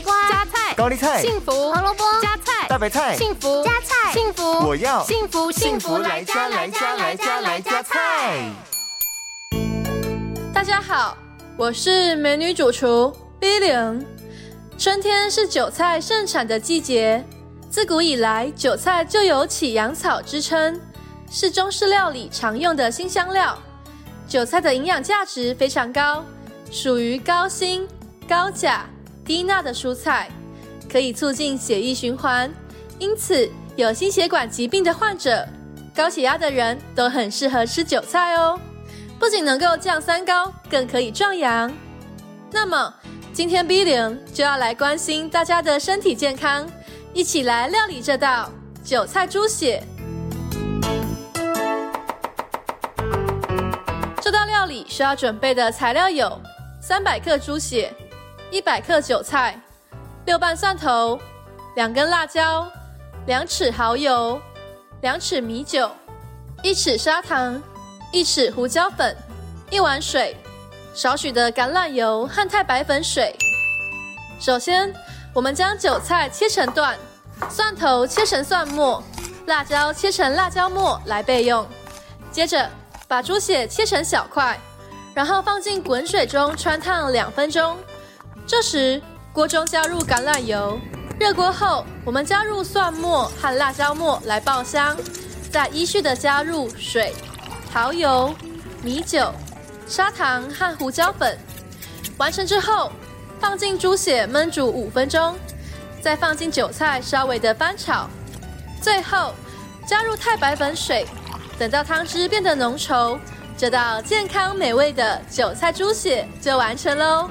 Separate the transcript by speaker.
Speaker 1: 瓜、加菜、高麗菜、幸福、紅蘿蔔、加菜、大白菜、幸福、加菜、幸福，我要幸福幸福來加來加來加來加菜。大家好，我是美女主廚 Lillian。春天是韭菜盛產的季節，自古以來韭菜就有“起陽草”之稱，是中式料理常用的辛香料。韭菜的營養價值非常高，屬於高鋅、高鉀。低鈉的蔬菜，可以促進血液循環，因此有心血管疾病的患者、高血壓的人都很適合吃韭菜哦。不僅能夠降三高，更可以壯陽。那麼，今天 Billion 就要來關心大家的身體健康，一起來料理這道韭菜豬血。這道料理需要準備的材料有三百克豬血。一百克韭菜，六瓣蒜頭，兩根辣椒，兩匙蠔油，兩匙米酒，一匙砂糖，一匙胡椒粉，一碗水，少許的橄欖油和太白粉水。首先，我們將韭菜切成段，蒜頭切成蒜末，辣椒切成辣椒末來備用。接着，把豬血切成小塊，然後放進滾水中汆燙兩分鐘。這時，鍋中加入橄欖油，熱鍋後，我們加入蒜末和辣椒末來爆香，再依序的加入水、蠔油、米酒、砂糖和胡椒粉，完成之後，放進豬血燜煮五分鐘，再放進韭菜稍微的翻炒，最後加入太白粉水，等到湯汁變得濃稠，這道健康美味的韭菜豬血就完成嘍。